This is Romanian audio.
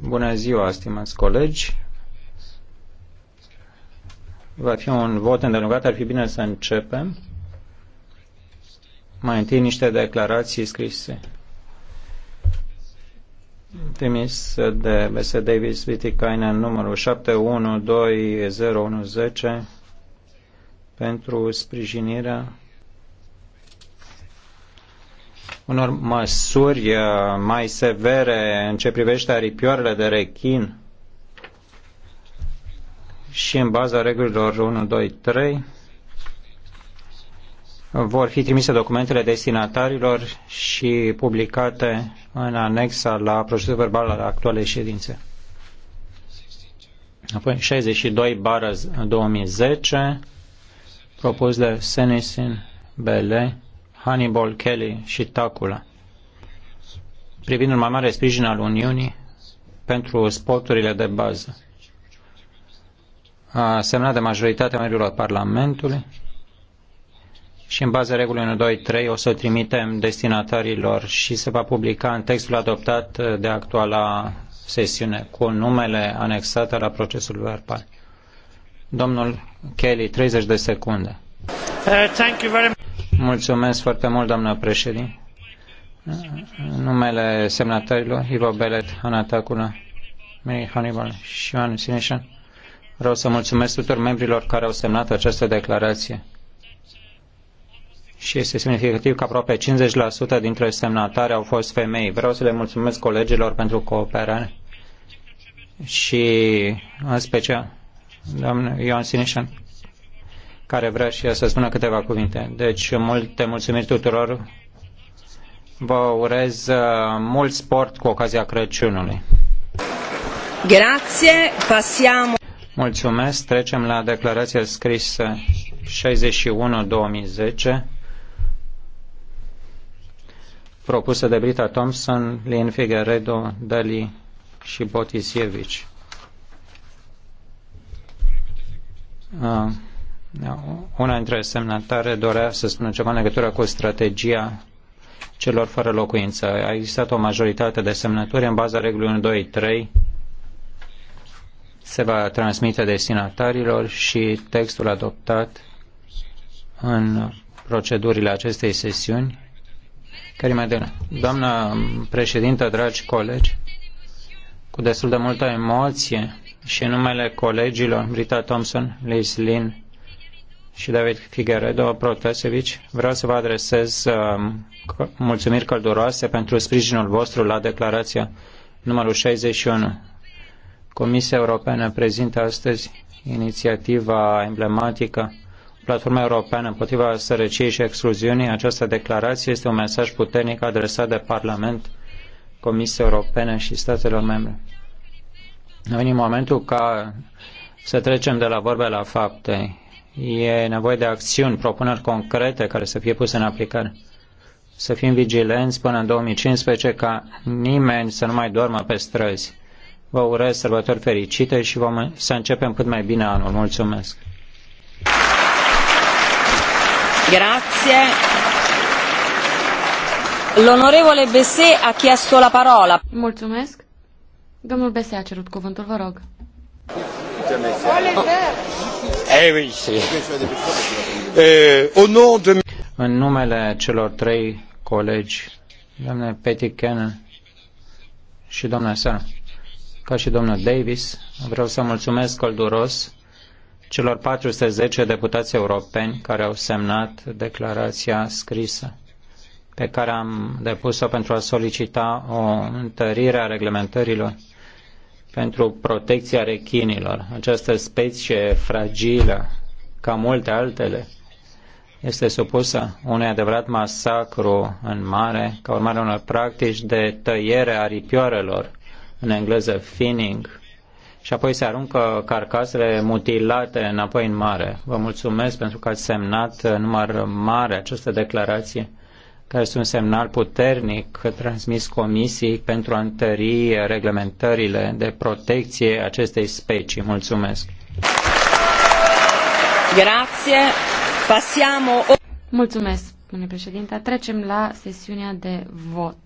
Bună ziua, stimați colegi. Va fi un vot îndelungat, ar fi bine să începem. Mai întâi niște declarații scrise. Trimis de B.S. Davis Vitikainen numărul 712010 pentru sprijinirea unor măsuri uh, mai severe în ce privește aripioarele de rechin și în baza regulilor 1, 2, 3 vor fi trimise documentele destinatarilor și publicate în anexa la procesul verbal al actualei ședințe. Apoi 62 bară 2010 propus de Senesin Bele Hannibal, Kelly și Tacula, privind un mai mare sprijin al Uniunii pentru spoturile de bază, a semnat de majoritatea membrilor Parlamentului și în baza regulii 1, 2, 3 o să o trimitem destinatarilor și se va publica în textul adoptat de actuala sesiune cu numele anexate la procesul verbal. Domnul Kelly, 30 de secunde. Uh, thank you very much. Mulțumesc foarte mult, doamnă președinte. Numele semnatarilor, Ivo Belet, Ana Tacula, Mary Hannibal și Ioan Sineșan. Vreau să mulțumesc tuturor membrilor care au semnat această declarație. Și este semnificativ că aproape 50% dintre semnatari au fost femei. Vreau să le mulțumesc colegilor pentru cooperare și în special doamne Ioan Sineșan care vrea și ea să spună câteva cuvinte. Deci, multe mulțumiri tuturor. Vă urez uh, mult sport cu ocazia Crăciunului. Grazie, passiamo. Mulțumesc. Trecem la declarația scrisă 61-2010 propusă de Brita Thompson, Lin Figueredo, Dali și Botisievici. Uh. Una dintre semnatare dorea să spună ceva în legătură cu strategia celor fără locuință. A existat o majoritate de semnături în baza regulii 1, 2, 3 se va transmite destinatarilor și textul adoptat în procedurile acestei sesiuni. Care mai Doamna președintă, dragi colegi, cu destul de multă emoție și în numele colegilor Rita Thompson, Liz Lynn, și David Figueredo Protasevic, vreau să vă adresez um, mulțumiri călduroase pentru sprijinul vostru la declarația numărul 61. Comisia Europeană prezintă astăzi inițiativa emblematică Platforma Europeană împotriva sărăciei și excluziunii. Această declarație este un mesaj puternic adresat de Parlament, Comisia Europeană și statelor membre. A venit momentul ca să trecem de la vorbe la fapte. E nevoie de acțiuni, propuneri concrete care să fie puse în aplicare. Să fim vigilenți până în 2015 ca nimeni să nu mai doarmă pe străzi. Vă urez sărbători fericite și vom să începem cât mai bine anul. Mulțumesc! Grazie. L'onorevole Besset a chiesto la parola. Mulțumesc. Domnul Besset a cerut cuvântul, vă rog. Oh. Eh euh, În numele celor trei colegi, doamne Petty Cannon și doamna sa, ca și domnul Davis, vreau să mulțumesc călduros celor 410 deputați europeni care au semnat declarația scrisă pe care am depus-o pentru a solicita o întărire a reglementărilor pentru protecția rechinilor. Această specie fragilă, ca multe altele, este supusă unui adevărat masacru în mare ca urmare unor practici de tăiere a ripioarelor, în engleză finning, și apoi se aruncă carcasele mutilate înapoi în mare. Vă mulțumesc pentru că ați semnat număr mare această declarație care este un semnal puternic transmis Comisiei pentru a întări reglementările de protecție acestei specii. Mulțumesc! Grazie. Passiamo... Mulțumesc, domnule președinte. Trecem la sesiunea de vot.